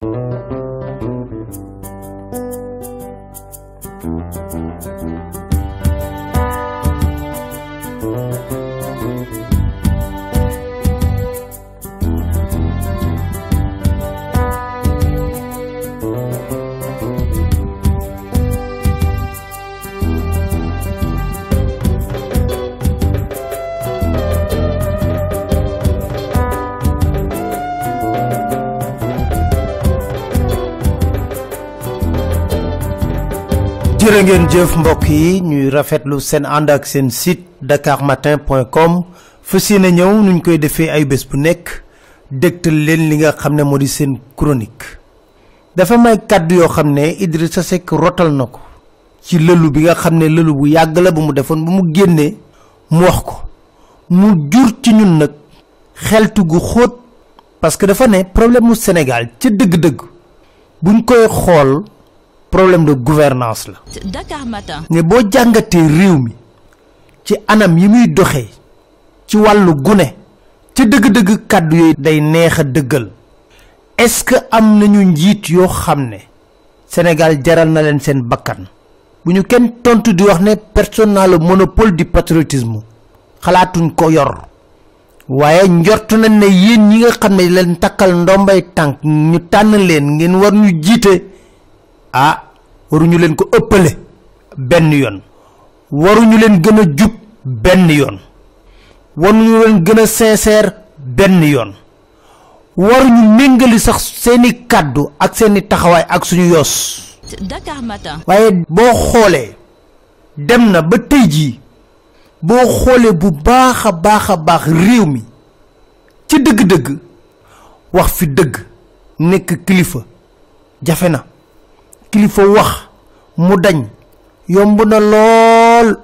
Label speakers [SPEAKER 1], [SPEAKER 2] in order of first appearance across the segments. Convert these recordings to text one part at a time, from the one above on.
[SPEAKER 1] Thank you.
[SPEAKER 2] jërë jëf mbokk yi ñuy rafetlu seen ànd ak seen site dakarmatin.com fas yéene ñëw nuñ koy defee ay bés bu nekk dégtal leen li nga xam ne moo di seen chronique dafa may kàdd yoo xam ne sa Seck rotal na ko ci lëlu bi nga xam ne lëlu bu yàgg la bu mu defoon bu mu génnee mu wax ko mu jur ci ñun nag xeltu gu xóot parce que dafa ne problème mu Sénégal ca dëgg-dëgg buñ koy xool problème de gouvernance la.
[SPEAKER 1] Dakar Matin.
[SPEAKER 2] ne boo jàngatee réew mi ci anam yi muy doxee ci wàllu gune ci dëgg-dëgg kàddu yooyu day neex a dëggal. est-ce que am nañu njiit yoo xam ne senegal jaral na leen seen bakkan bu ñu kenn tontu di wax ne personne n'a le monopole di patriotisme xalaatuñ ko yor waaye njort na ne yéen ñi nga xam ne leen takkal ndombay tànk ñu tànn leen ngeen war ñu jiite. ah waruñu leen ko ëppale benn yoon waruñu leen gën a jub benn yoon waruñu leen gën a sincère benn yoon waruñu méngali sax seeni kàddu ak seeni taxawaay ak suñu yoos
[SPEAKER 1] Dakar Matin
[SPEAKER 2] waaye boo xoolee dem na ba tey jii boo xoolee bu baax a baax a baax réew mi ci dëgg-dëgg wax fi dëgg nekk kilifa jafe na kilifa wax mu dañ yomb na lool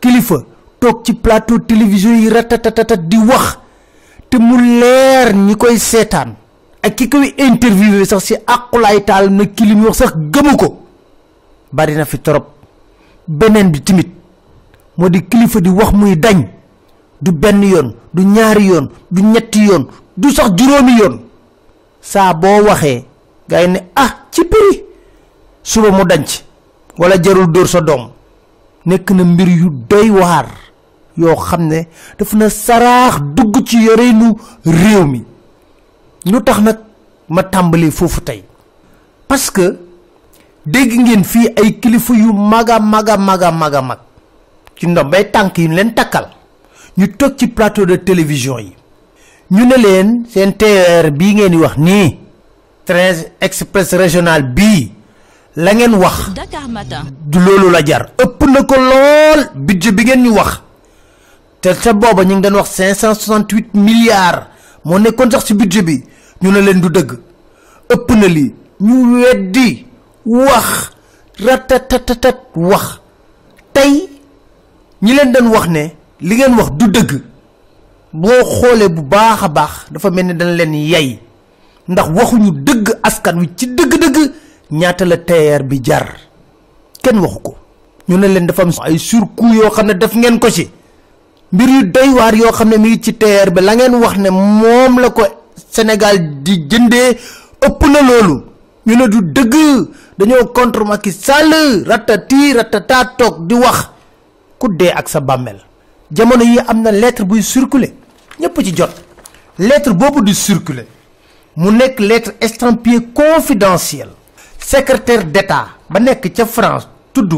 [SPEAKER 2] kilifa toog ci plateau télévision yi ratatatatat di wax te mu leer ñi koy seetaan ak ki koy interviewé sax si àqulaay taal na kilim wax sax gëmu ko bari na fi torop beneen bi timit moo di kilifa di wax muy dañ du benn yoon du ñaari yoon du ñetti yoon du sax juróomi yoon saa boo waxee gars ne ah ci prix suba mu danc wala jarul dóor sa doom nekk na mbir yu doy waar yoo xam ne daf na saraax dugg ci yoreenu réew mi ñu tax nag ma tàmbalee foofu tey parce que dégg ngeen fii ay kilifa yu maga maga maga maga mag ci ndombay tànk yi ñu leen takkal ñu toog ci plateau de télévision yi ñu ne leen seen TER bii ngeen di wax nii train express régional bii la ngeen wax du loolu la jar ëpp na ko lool budget bi ngeen ñu wax te te booba ñu ngi doon wax cinq cent soixante-huit milliards moo nekkoon sax ci budget bi ñu ne leen du dëgg ëpp na li ñu weddi wax ratatatatat wax tey ñi leen doon wax ne li ngeen wax du dëgg boo xoolee bu baax a baax dafa mel ni dana leen yay ndax waxuñu dëgg askan wi ci dëgg-dëgg ñaata la TER bi jar kenn waxu ko ñu ne leen dafa ay surcoût yoo xam ne def ngeen ko ci mbir yu doy yoo xam ne mi ngi ci TER bi la ngeen wax ne moom la ko Sénégal di jëndee ëpp na loolu ñu ne du dëgg dañoo contre Macky Sall ratati ratata toog di wax ku dee ak sa bàmmeel jamono yi am na lettre buy circuler ñëpp ci jot lettre boobu di circuler mu nekk lettre estampillée confidentielle secrétaire d'État ba nekk ca France tudd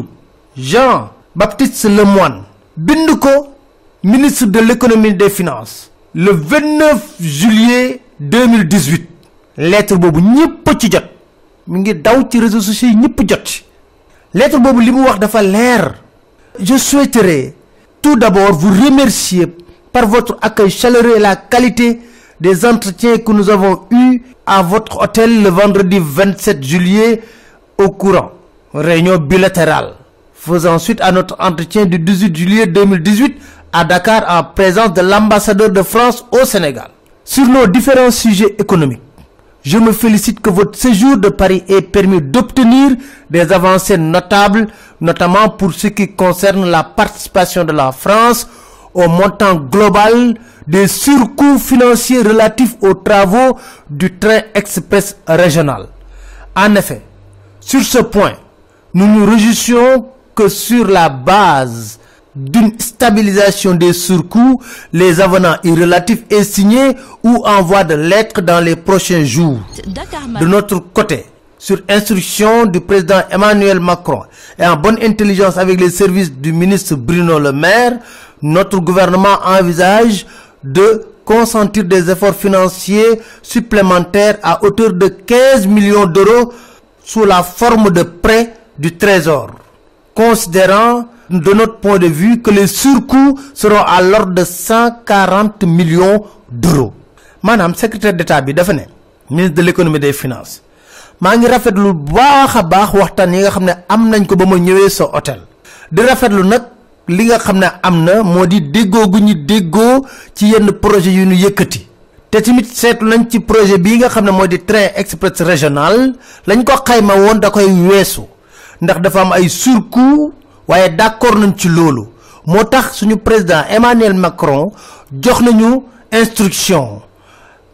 [SPEAKER 2] Jean Baptiste Lemoyne bind ko ministre de l'économie et des finances le 29 juillet 2018 lettre boobu ñëpp ci jot mu ngi daw ci réseau sociaux yi ñëpp jot ci lettre boobu li mu wax dafa leer je souhaiterais tout d'abord vous remercier par votre accueil chaleureux et la qualité des entretiens que nous avons eus à votre hôtel le vendredi 27 juillet au courant. Réunion bilatérale faisant suite à notre entretien du 18 juillet 2018 à Dakar en présence de l'ambassadeur de France au Sénégal. Sur nos différents sujets économiques, je me félicite que votre séjour de Paris ait permis d'obtenir des avancées notables, notamment pour ce qui la participation de la France au montant global des surcoûts financiers relatifs aux travaux du train express régional. En effet, sur ce point, nous nous réjouissons que sur la base d'une stabilisation des surcoûts, les avenants y relatifs est signé ou en voie de l'être dans les prochains jours. De notre côté, sur instruction du président Emmanuel Macron et en bonne intelligence avec les services du ministre Bruno Le Maire, notre gouvernement envisage de consentir des efforts financiers supplémentaires à hauteur de 15 millions d'euros sous la forme de prêts du Trésor, considérant de notre point de vue que les surcoûts seront à l'ordre de 140 millions d'euros. maanaam secrétaire d'État bi dafa ne ministre de l'économie des finance maa ngi rafetlu baax a baax waxtaan yi nga xam ne am nañ ko ba ma ñëwee sa hôtel di rafetlu nag li nga xam ne am na moo di déggoo gu ñu déggoo ci yenn projet yu ñu yëkkati te tamit seetlu nañ ci projet bi nga xam ne moo di train express régional lañ ko xayma woon da koy weesu ndax dafa am ay surcoût waaye d'accord nañ ci loolu moo tax suñu président Emmanuel Macron jox nañu instruction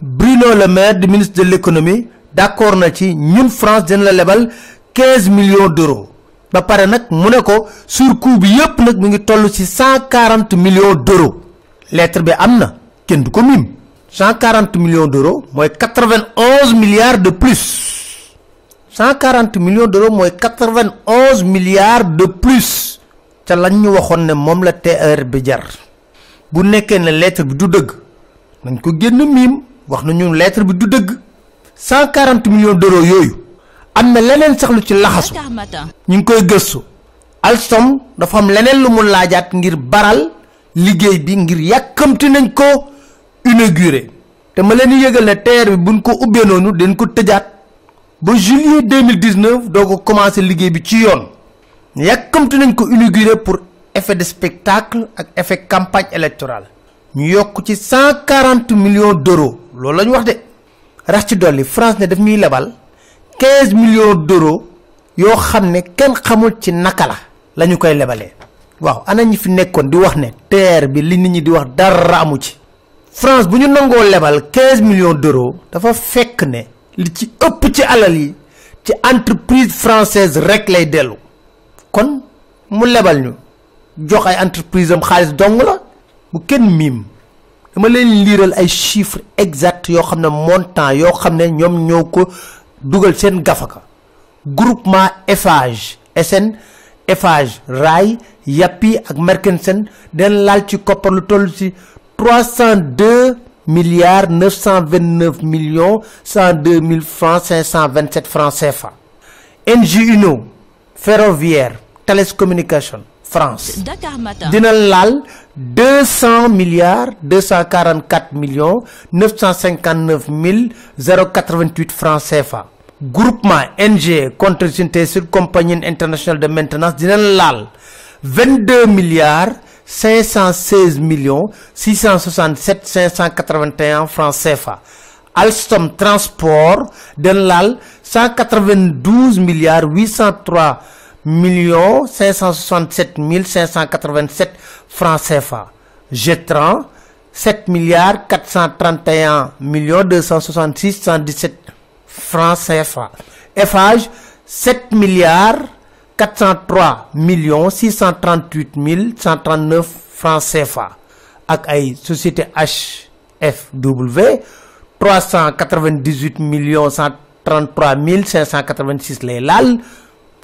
[SPEAKER 2] Bruno Le Maire di ministre de l'économie d'accord na ci ñun France dina la lebal quinze millions d'euros ba pare nag mu ne ko surcoût bi yëpp nag mu ngi toll ci cent quarante millions d'euros lettre bi am na kenn du ko mim cent quarante millions d'euros mooy quatre vingt onze milliards de plus cent quarante millions d'euros mooy quatre vingt onze milliards de plus ca lañ ñu waxoon ne moom la TER bi jar bu nekkee ne lettre bi du dëgg nañ ko génn miim wax nañu lettre bi du dëgg cent quarante millions d'euros yooyu am na leneen saxlu ci laxasu ñu ngi koy gëstu Alstom dafa am leneen lu mu laajaat ngir baral liggéey bi ngir yàkkamti nañ ko inauguré te ma leen yëgal ne TER bi buñ ko ubbee noonu dañ ko tëjaat ba juillet 2019 doo ko commencé liggéey bi ci yoon yàkkamti nañ ko inauguré pour effet de spectacle ak effet campagne électorale ñu yokk ci 140 millions d'euros loolu la ñu wax de rax ci dolli France ne daf ñuy lebal quinze millions d'euros yoo xam ne kenn xamul ci naka la lañu koy lebalee waaw ana ñi fi nekkoon di wax ne terre bi li nit ñi di wax dara amu ci France bu ñu nangoo lebal quinze millions d'euros dafa fekk ne li ci ëpp ci alal yi ci entreprise française rek lay dellu kon mu lebal ñu jox ay entreprise am xaalis dong la bu kenn miim dama leen liiral ay chiffres exacts yoo xam ne montant yoo xam ne ñoom ñoo ko dugal seen gafaka groupement Eiffage SN Eiffage Rail Yapi ak Merkensen den laal ci koppar lu toll ci trois cent deux milliards neuf cent vingt neuf millions cent deux mille francs cinq cent vingt sept francs CFA. NG Uno ferroviaire Thales Communication France
[SPEAKER 1] dina laal.
[SPEAKER 2] deux cent milliards deux cent quarante quatre millions neuf cent cinquante mille zéro quatre vingt huit francs CFA. groupement NG contre Synthes compagnie internationale de maintenance dinañ laal vingt deux milliards cinq cent seize millions six cent soixante sept cinq cent quatre vingt et un francs CFA. Alstom transport dinañ laal cent quatre vingt douze milliards millions cinq cent soixante sept francs CFA Jetran 7 milliards 431 millions 266 117 francs CFA Eiffage 7 milliards 403 millions 638 mille 139 francs CFA ak ay société HFW 398 millions 133 mille 586 lay laal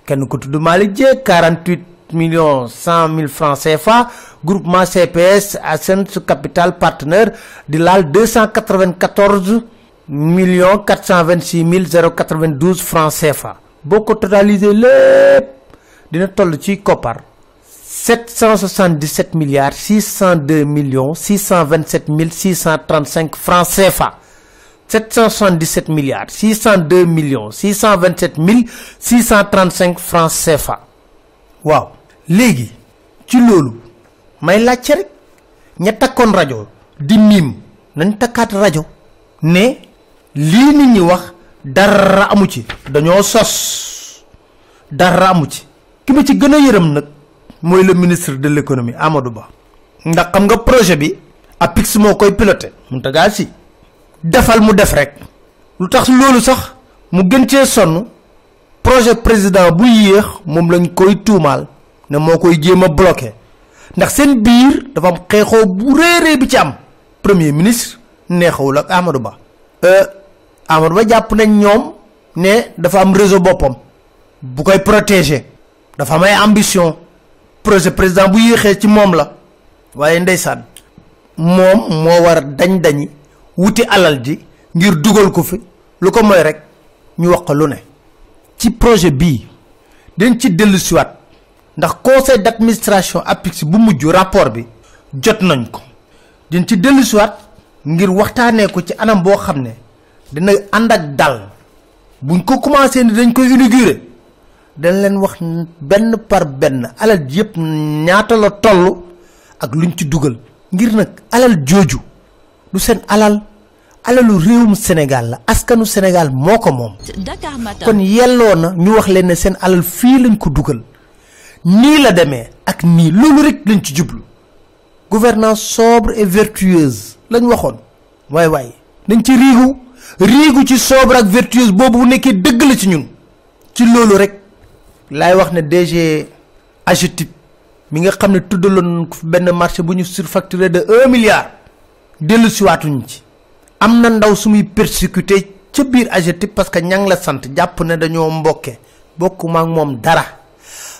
[SPEAKER 2] kenn ku tudd Malick Dieng 48 millions cent mille francs CFA groupement CPS Asens Capital Partner di laal deux cent quatre-vingt-quatorze millions cent vingt-six mille zéro quatre-vingt-douze francs CFA boo ko totaliser lépp dina toll ci koppar sept cent soixante-dix-sept milliards six cent deux millions six cent vingt-sept mille six cent trente-cinq francs CFA 777 milliards 602 millions 627 mille 635 francs CFA waaw léegi ci loolu may laajte rek ña takkoon rajo di miim nañ takkaat rajo ne lii nit ñi wax dara amu ci dañoo sos dara amu ci ki ma ci gën a yërëm nag mooy le ministre de l'économie Amadou Ba ndax xam nga projet bi APIX moo koy piloté Mountaga Sy defal mu def rek lu tax loolu sax mu gën cee sonn projet président bu yéex moom lañ koy tuumaal ne moo koy jéem a bloqué ndax seen biir dafa am xeexoo bu réeree bi ci am premier ministre neexawul ak Amadou Ba. Euh, Amadou Ba jàpp nañ ñoom ne dafa am réseau boppam bu koy protéger dafa am ay projet président bu yéexee ci moom la waaye ndeysaan moom moo war a dañ dañi wuti alal ji ngir dugal ko fi lu ko mooy rek ñu wax ko lu ne ci projet bii dañ ci dellusiwaat. ndax conseil d'administration APIX bu mujj rapport bi jot nañ ko din ci dellusiwaat ngir waxtaanee ko ci anam boo xam ne dina ànd ak dal buñ ko commencé ni dañ koy inaugurer dañ leen wax benn par benn alal yëpp ñaata la toll ak luñ ci dugal ngir nag alal jooju lu seen alal alalu réewum Sénégal la askanu Sénégal moo ko moom kon yelloo na ñu wax leen ne seen alal fii lañ ko dugal nii la demee ak nii loolu rek lañ ci jublu gouvernance sobre et vertueuse lañ waxoon waaye waaye dañ ci riigu riigu ci sobre ak vertueuse boobu bu nekkee dëgg la ci ñun ci loolu rek laay wax ne DG AGETIP mi nga xam ne tuddaloon ko benn marché bu ñu surfacturé de un milliard dellu siwaatuñu ci am na ndaw su muy persécuté ca biir AGETIP parce que ñang la sant jàpp na dañoo mbokkee bokkuma ak moom dara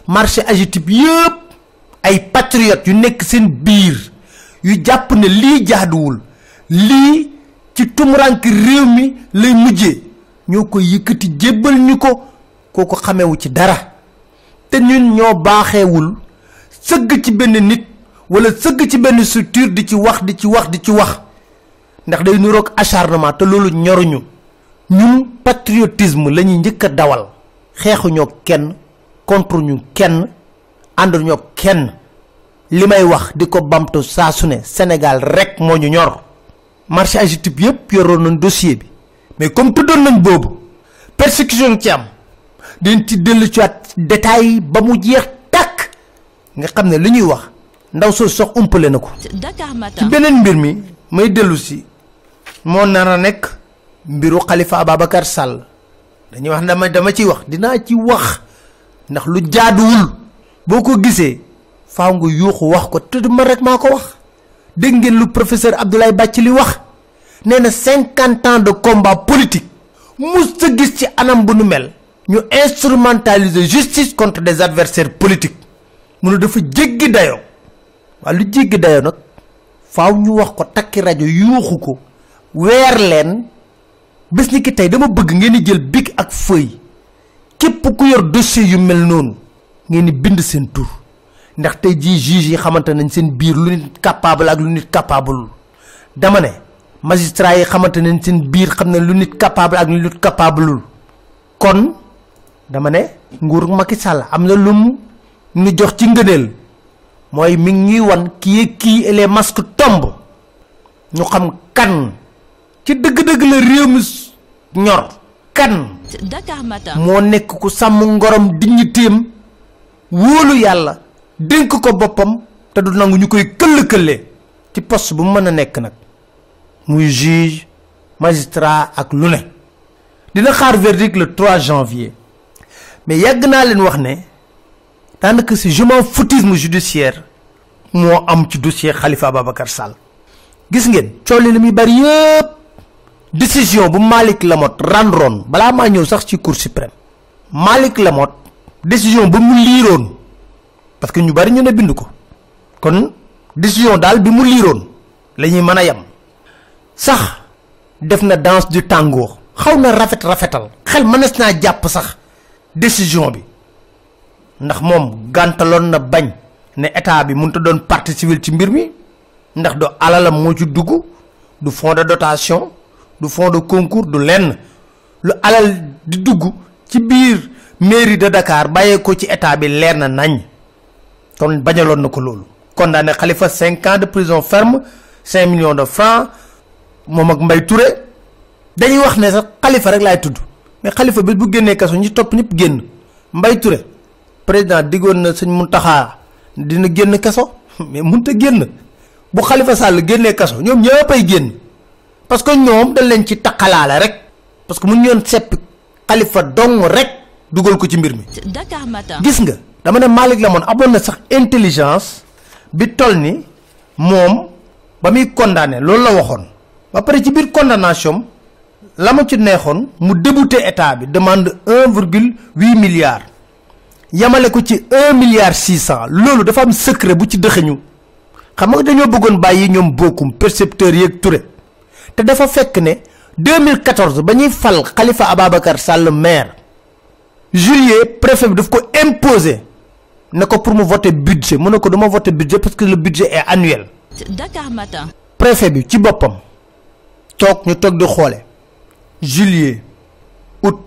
[SPEAKER 2] marché AGETIP yëpp ay patriotes yu nekk seen biir yu jàpp ne lii jaaduwul lii ci tumurank réew mi lay mujje ñoo ko yëkkati jébbal ñu ko kooku xamewu ci dara te ñun ñoo baaxeewul sëgg ci benn nit wala sëgg ci benn structure di ci wax di ci wax di ci wax ndax day nuroog acharnement te loolu ñoruñu ñun patriotisme la ñuy njëkk a dawal xeexuñoo kenn contre ñu kenn àndu ñoo kenn li may wax di ko bamtu saa su ne senegal rek moo ñu ñor marché AGETIP yëpp yoroon nañ dossier bi mais comme tuddoon nañ boobu persécution ci am dañ ci dellu ci waat détail ba mu jeex tàkk nga xam ne li ñuy wax ndaw soo sox umpale na ko ci beneen mbir mi may dellusi si moo nar a nekk mbiru Khalifa Ababacar Sall dañuy wax dama dama ciy wax dinaa ci wax ndax lu jaaduwul boo ko gisee faaw nga yuuxu wax ko te man rek maa ko wax dégg ngeen lu professeur Abdoulaye Bathily wax nee na cinquante ans de combat politique mus sa ci anam bu mel ñu instrumentaliser justice contre des adversaires politiques mu ne dafa jéggi dayoo waaw lu jéggi dayoo nag faw ñu wax ko takki rajo yuuxu ko weer leen bés ni ki tey dama bëgg ngeen di jël bic ak feuille képp ku yor dossier yu mel noonu ngeen di bind seen tur ndax te jii juge yi xamante nañ seen biir lu nit capable ak lu nit capableul dama ne magistrat yi xamante nañ seen biir xam ne lu nit capable ak lu nit capableul kon dama ne nguur Macky sàll am na lum ñu jox ci ngëneel mooy mi ngi wan kii kii et les masques tombent ñu xam kan ci dëgg-dëgg la réew ñor kan Dakar Matin. moo nekk ku sàmm ngorom dignitéem wóolu yàlla dénk ko boppam te du nangu ñu koy këll-këllee ci post bu mu mën a nekk nag muy juge magistra ak lu ne dina xaar verdict le 3 janvier mais yàgg naa leen wax ne daanaka si je m'en foutisme moo am ci dossier xalifa Ababacar Sall gis ngeen coow li muy bari yëpp décision bu Malick Lamotte rendroon balaa maa ñëw sax ci cour suprême Malick Lamotte décision ba mu liiroon parce que ñu bari ñu ne bind ko kon décision daal bi mu liiroon la ñuy mën a yem sax def na danse du tàngoor xaw na rafet rafetal xel mënees naa jàpp sax décision bi ndax moom gàntaloon na bañ ne état bi mënut a doon partie civile ci mbir mi ndax do alalam moo ci dugg du fond de dotation. du fonds de concours du lenn lu alal di dugg ci biir mairie de Dakar bàyyee ko ci état bi leer na nañ kon bañaloon na ko loolu condamné Khalifa xalifa ans de prison ferme cinq millions de francs moom ak Mbaye Touré dañuy wax ne sax Khalifa rek laay tudd mais Khalifa bi bu génnee kaso ñi topp ñëpp génn Mbaye Touré président diggoon na sëñ Mountakha dina génn kaso mais mënut a génn bu xalifa Sall génnee kaso ñoom ñëppay génn. parce que ñoom dañ leen ci taqalaale rek parce que mu ñoon sepp xalifa dong rek dugal ko ci mbir mi.
[SPEAKER 1] Dakar Matin gis
[SPEAKER 2] nga dama ne Malick Lamone amoon na sax intelligence bi toll ni moom ba muy condamné loolu la waxoon ba pare ci biir condamnation la ma ci neexoon mu débuté état bi demande un virgule huit milliard yamale ko ci un milliard six cent loolu dafa am secret bu ci dëxëñu xam nga dañoo bëggoon bàyyi ñoom bokkum percepteur yeeg Touré. te dafa fekk ne 2014 ba ñuy fal Khalifa Ababacar Sall maire juillet préfet bi daf ko imposer ne ko pour mu voter budget mu ne ko duma voter budget parce que le budget est annuel.
[SPEAKER 1] Dakar Matin.
[SPEAKER 2] préfet bi ci boppam toog ñu toog di xoole juillet août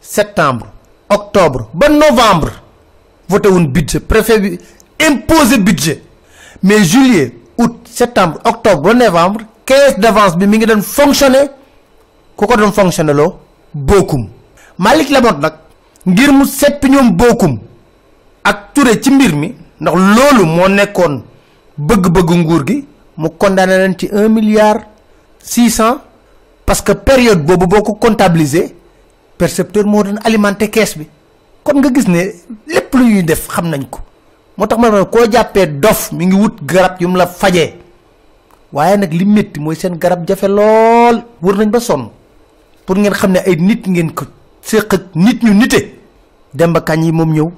[SPEAKER 2] septembre octobre ba novembre voté wuñ budget préfet bi imposer budget mais juillet août septembre octobre ba novembre. caisse d'avance bi mi ngi doon fonctionner ku ko doon fonctionner loo bokkum Malick Lamotte nag ngir mu seppi ñoom bokkum ak ture ci mbir mi ndax loolu moo nekkoon bëgg bëgg nguur gi mu condamné leen ci un milliard six cent parce que période boobu boo ko comptabiliser percepteur moo doon alimenter caisse bi kon nga gis ne lépp lu ñuy def xam nañ ko moo tax ma ne koo jàppee dof mi ngi wut garab yu mu la fajee waaye nag li métti mooy seen garab jafe lool wër nañ ba sonn pour ngeen xam ne ay nit ngeen ko séq nit ñu nite Demba Kandji yi moom ñëw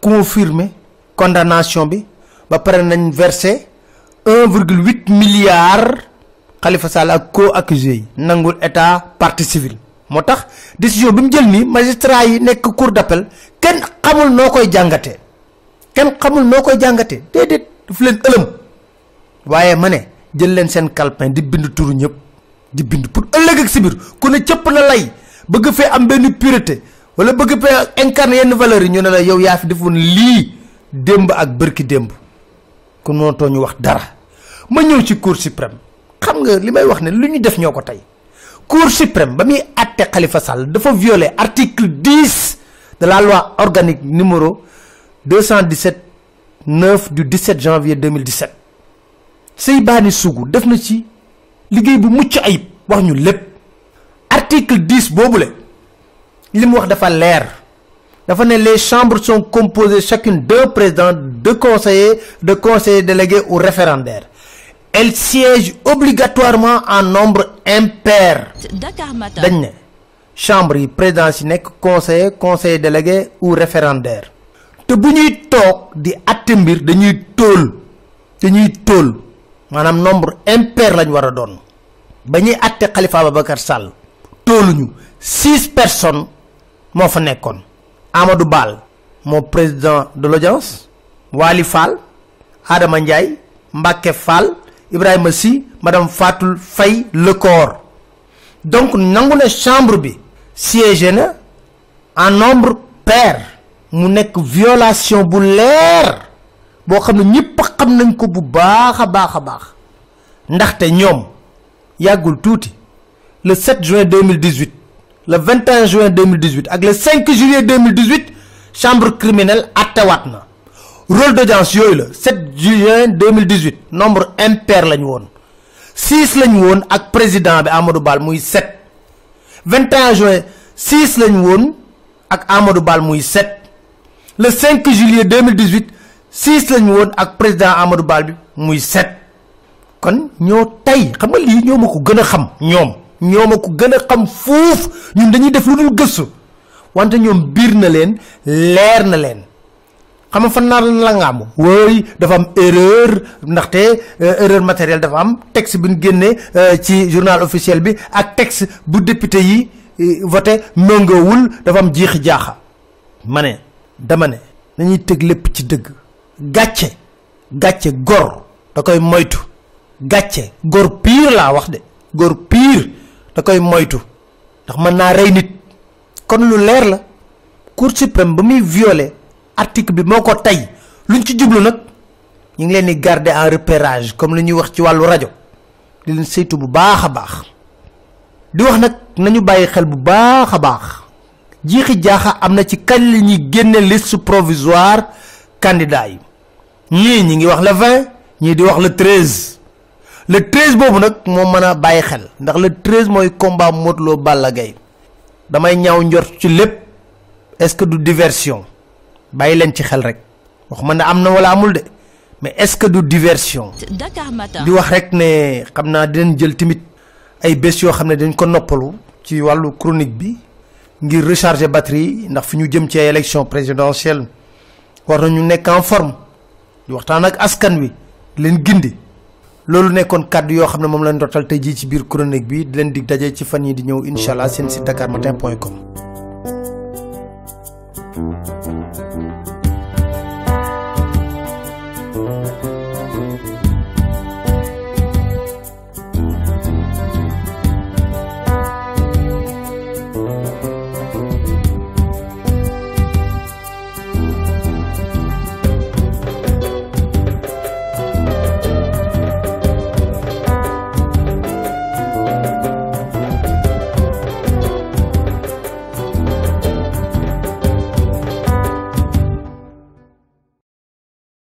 [SPEAKER 2] confirmer condamnation bi ba pare nañ versé un virgule huit milliard Khalifa Sall ak co-accusé yi nangul état partie civile moo tax décision bi mu jël nii magistrat yi nekk cour d'appel kenn xamul noo koy jàngate kenn xamul noo koy jàngatee déedéet daf leen ëlëm waaye ma ne jël leen seen calepin di bind turu ñëpp di bind pour ëllëg ak si biir ku ne cëpp na lay bëgg fee am benn pureté wala bëgg fee incarner yenn valeurs yi ñu ne la yow yaa fi defoon lii démb ak bërki démb ku nootoo ñu wax dara ma ñëw ci cour suprême xam nga li may wax ne li ñu def ñoo ko tey cour suprême ba muy àtte Khalifa Sall dafa violer article 10 de la loi organique numéro 217 9 du 17 janvier 2017 Seybaani Sougou def na ci liggéey bu mucc ayib wax ñu lépp article boobu boobule li mu wax dafa leer dafa ne les chambres sont composées chacune d'un président de conseillers de conseillers délégués ou référendaires elles siègent obligatoirement en nombre impair dañ ne chambre yi président yi nekk conseiller conseiller délégué ou référendaire te bu ñuy toog di àtte mbir dañuy tóol dañuy tóol maanaam nombre impair lañ war a doon ba ñuy àtte Khalifa Ababacar Sall tooluñu six personnes moo fa nekkoon Amadou Baal moo président de l'audience Wali Fall Adama Ndiaye Mbacke Fall Ibrahima Sy madame Fatou Faye Lecor donc nangu ne chambre bi siégé na en nombre pair mu nekk violation bu leer boo xam ne ñëpp xam nañ ko bu baax a baax a baax ndaxte ñoom yàggul tuuti le 7 juin 2018 le 21 juin 2018 ak le 5 juillet 2018 chambre criminelle attewaat na rôle d'audience yooyu la 7 juin 2018 nombre impair lañu woon 6 lañu woon ak président bi Amadou Bal muy 7 21 juin 6 lañu woon ak Amadou Bal muy 7 le 5 juillet 2018. six lañu woon ak président Amadou Ba bi muy set kon ñoo tey xam nga lii ñoo ma gën a xam ñoom ñoom ma ko gën a xam foofu ñun dañuy def lu dul gëstu wante ñoom biir na leen leer na leen xam nga fan naa la nga am wooy dafa am erreur ndaxte euh, erreur matérielle dafa am texte bu ñu génnee euh, ci journal officiel bi ak texte bu député yi euh, voté méngoowul dafa am jiixi jaaxa ma ne dama ne nañuy teg lépp ci dëgg gàcce gàcce góor da koy moytu gàcce góor piir laa wax de góor piir da koy moytu ndax mën naa rey nit kon lu leer la cour suprême ba muy violé article bi moo ko tey luñ ci jublu nag ñu ngi leen di garder en repérage comme lu ñuy wax ci wàllu rajo di leen saytu bu baax a baax di wax nag nañu bàyyi xel bu baax a baax jiixi jaaxa am na ci kañ lañuy ñuy génne liste provisoire kandidaa yi ñii ñi ngi wax le 20 ñii di wax le 13 le 13 boobu nag moo mën a bàyyi xel ndax le 13 mooy combat Modou Lo Balla damay ñaaw njor ci lépp est-ce que du diversion bàyyi leen ci xel rek wax man ne am na wala amul de mais est-ce que du diversion. di wax rek ne xam naa dinañ jël tamit ay bés yoo xam ne dañ ko noppalu ci wàllu chronique bi ngir recharger batterie ndax fi ñu jëm ci ay élection présidentielle war ñu nekk en forme. waxtaan ak askan wi leen gindi loolu nekkoon kàddu yoo xam ne moom lañ dootal tey jii ci biir chronique bi di leen dig daje ci fan yi di ñëw incha allah seen site dakarmatin point com